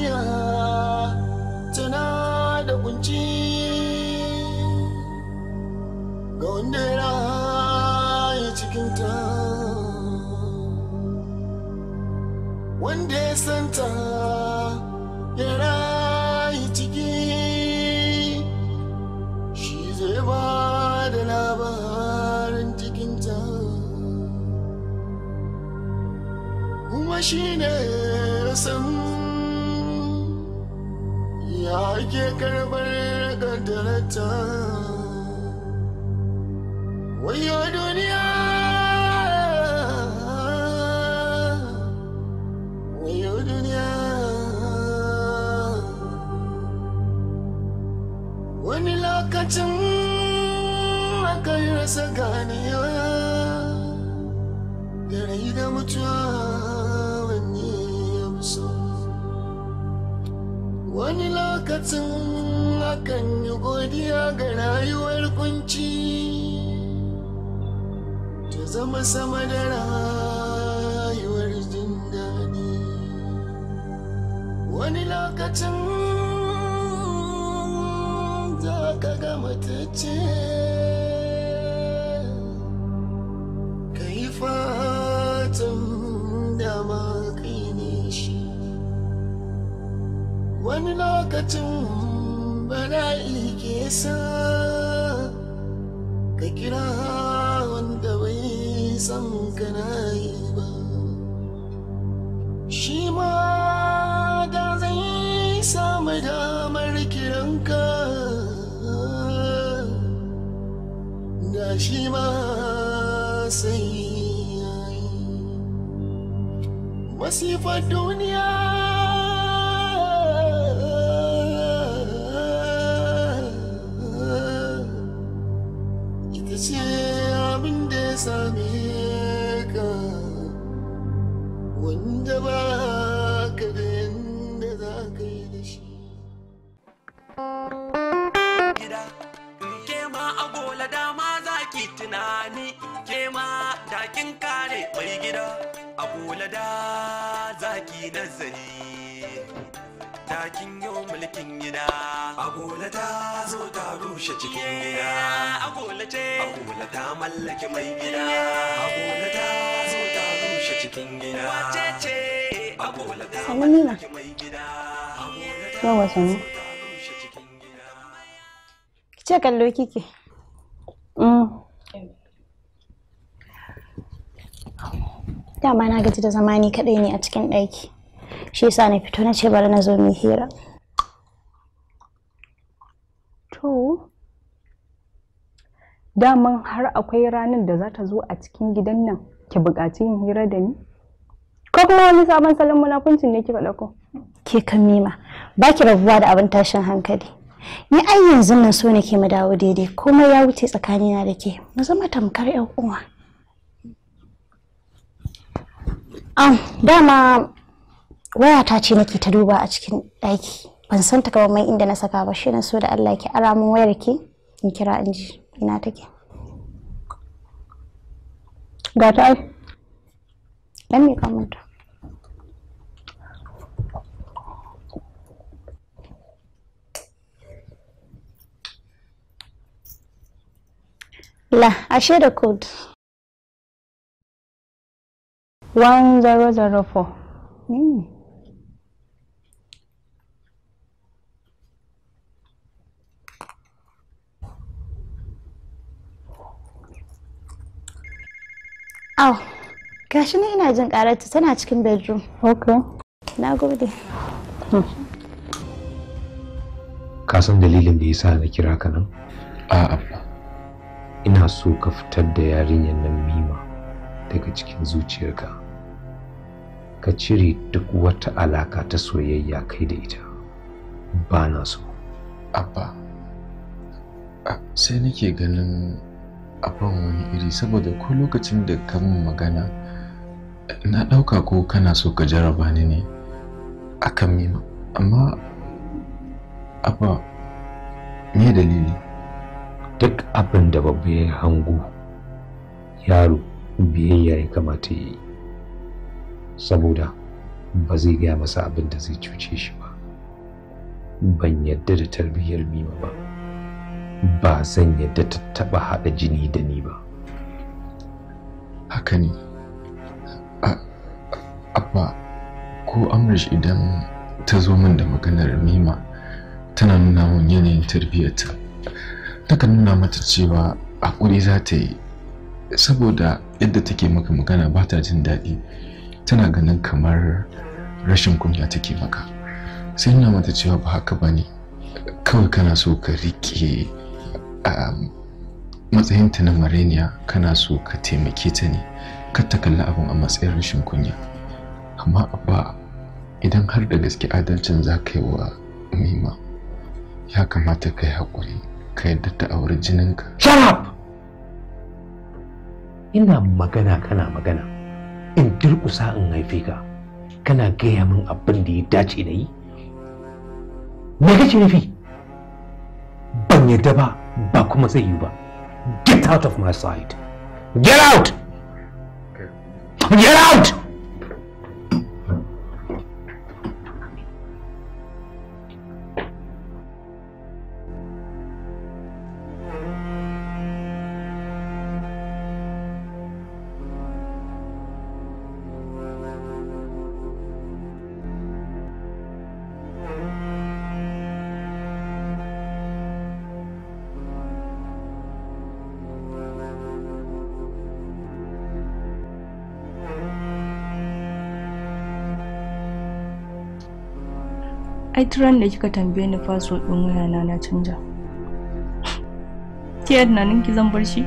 duniya tana da kunci ga wanda ya raya cikinta wanda ya santa ya rayu ciki shi zai ba da labarin cikinta kuma shi ne san ake karɓar kantarata wani lokacin akan yi godiya ga rayuwar kunci ta zama sama da rayuwar jin daɗi wani lokacin za ka ga matacce lokacin bala'i ke sa ka kira wanda bai san na yi ba shi ma da zai samu damar kiranka da shi ma sai yi masifar duniya hula da zaki nazari takin yau mulkin gida agola ta zo ta rushe cikin gida agola ce agola ta mallake mai gida agola ta zo ta rushe cikin gida wace ce agola ta mallake mai gida agola ta zo ta rushe cikin gida ce kallo kike mm dama na gaji da zama ni kaɗai ne a cikin ɗaki shi yasa na fito na ce bari na zo mu hira to daman har akwai ranar da za ta zo a cikin gidan nan ki buƙaci yin hira da ni ko kuma wani sabon salon munafuncin ne faɗa ko? ke kan mima ba ki rabuwa da abin tashin hankali ni ai yanzu nan so nake mu dawo daidai komai ya wuce tsakanina da ke mu zama tamkar yan uwa Ah, dama ta ce nake ta duba a cikin ɗaki. Ban san ta mai inda na saka ba, shine na so da Allah ki ara min wayar ki in kira in ji ina take. Ga ta ai. Dan me ta? La, ashe da code. 1004 mm. Au, gashi ne ina jin karatu tana cikin bedroom. Ok. Na gode. Hmm. Ka san dalilin da yasa na kira ka nan? A'a. Ina so ka fitar da yarinyar nan Mimi daga cikin zuciyarka ka cire duk wata alaka ta soyayya kai da ita ba na so abba sai nake ganin abin wani iri saboda ko lokacin da ka min magana na ɗauka ko kana so ka jaraba ni ne akan mima amma abba me dalili duk abin da babba ya hangu yaro biyayya ya kamata yi saboda ba zai gaya masa abin da zai cuce shi ba ban yadda da tarbiyyar mima ba ba zan yadda ta taɓa haɗa jini da ni ba haka ne abba ko amrish idan ta zo min da maganar mima tana nuna min yanayin tarbiyyarta takan nuna mata cewa haƙuri za ta yi saboda yadda take maka magana ba ta jin daɗi tana ganin kamar rashin kunya take maka sai nuna mata cewa ba haka ba ne kawai kana so ka riƙe um, matsayinta na mareniya kana so ka taimake ta ne Ka ta kalli abin a matsayin rashin kunya amma ba idan har da gaske adalcin za ka yi wa mima ya kamata ka yi haƙuri ka yadda ta auri jininka shut up ina magana kana magana in durƙusa in haife ka kana gaya min abin da ya dace da yi me kake nufi ban yadda ba ba kuma zai yi ba get out of my sight get out get out ai turan da kika tambaye ni password ɗin wayana na canja ki yadda nan ki zan bar shi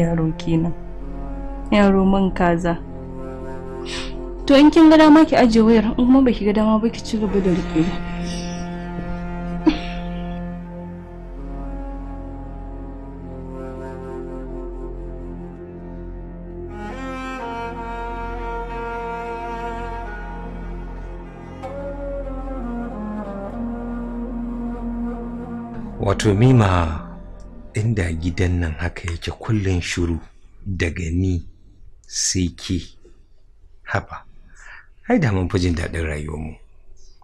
yaro kenan yaro man kaza to in kin ga dama ki ajiye wayar in kuma baki ga dama ba ki ci gaba da riƙe wato mima inda gidan nan haka yake kullum shiru daga ni sai ke haba ai da mun fi jin daɗin rayuwarmu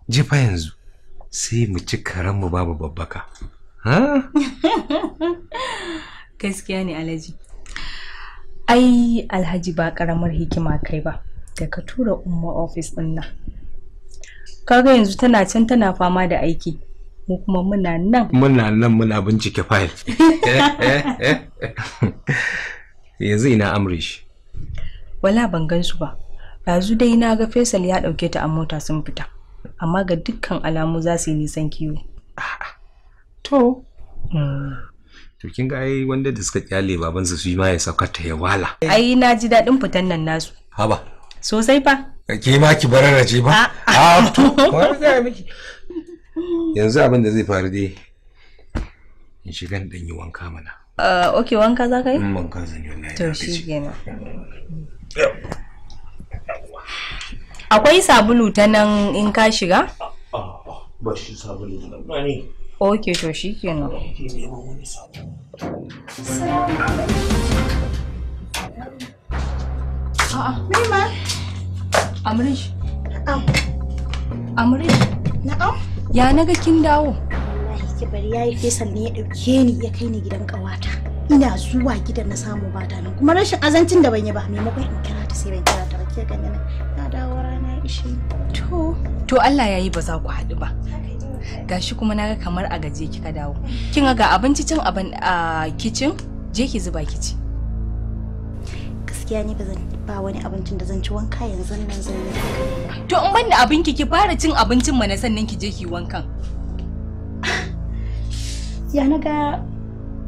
ji fa yanzu sai mu ci karanmu babu babbaka gaskiya ne alhaji ai alhaji ba karamar hikima kai ba da ka tura umma ofis ɗin nan kaga yanzu tana can tana fama da aiki ko kuma muna nan muna nan muna bincike fayil yanzu ina amrish wala ban gansu ba yanzu dai na ga faisal ya dauke ta a mota sun fita amma ga dukkan alamu za su yi nisan kiwo to hmm. to kin ga ai wanda da suka kyale baban su ma ya saukar ta ya wala ai na ji daɗin fitan nan nasu haba sosai fa ke ma ki bararrace ba a to miki yanzu abin da zai faru dai in shiga ɗan wanka mana uh, ok wanka za ka yi? wanka zan yi to shi akwai sabulu ta nan in ka shiga? ba shi sabulu ta ok to shi kenan amrish amrish na'am ya naga kin dawo wallahi bari yayi fesan ne ya dauke ni ya kai ni gidan kawata ina zuwa gidan na samu bata nan kuma rashin azancin da ban yi ba maimakon in kira ta sai ban kira ta ba ganin na dawo rana ishe to to Allah yayi ba za ku haɗu ba gashi kuma naga kamar a gaje kika dawo kin ga abinci can a kicin je ki zuba kici gaskiya ni ba ba wani abincin da zan ci wanka yanzu nan zan yi to in banda abin ki ki fara cin abincin mana sannan ki je ki wankan ya na ga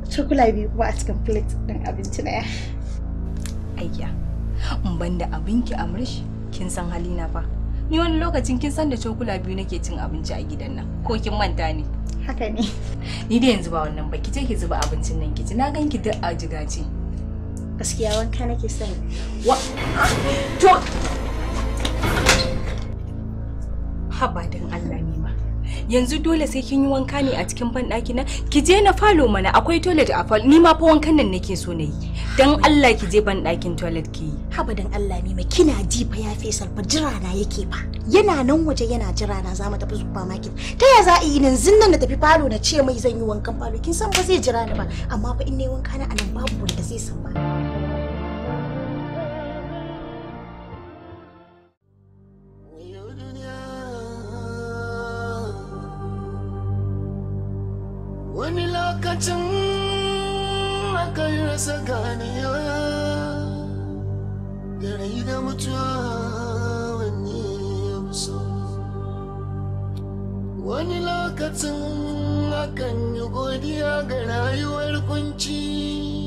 cokula biyu kuma a cikin plate din abinci na ya ayya in banda abin ki amrish kin san halina fa ni wani lokacin kin san da cokula biyu nake cin abinci a gidan nan ko kin manta ne haka ne ni da yanzu ba wannan ba ki je ki zuba abincin nan ki ci na ganki duk a jigaci gaskiya wanka nake son wa to haba dan Allah ne ma yanzu dole sai kin yi wanka ne a cikin banɗaki na ki je na falo mana akwai toilet a falo ni ma fa wankan nan nake so na yi dan Allah ki je banɗakin toilet ki yi haba dan Allah ne ma kina ji ya fesal fa jira na yake fa yana nan waje yana jira na za mu tafi supermarket ta ya za a yi nan zinnan na tafi falo na ce mai zan yi wankan falo kin san ba zai jira ni ba amma fa in ne wanka na anan babu wanda zai san ba wani lokacin yi rasa ganewa da rai da mutuwa wani so wani lokacin akan yi godiya ga rayuwar kunci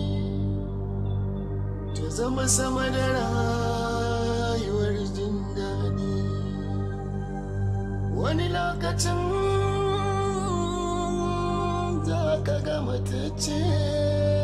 ta zama sama da rayuwar jin daɗi wani lokacin I got my ce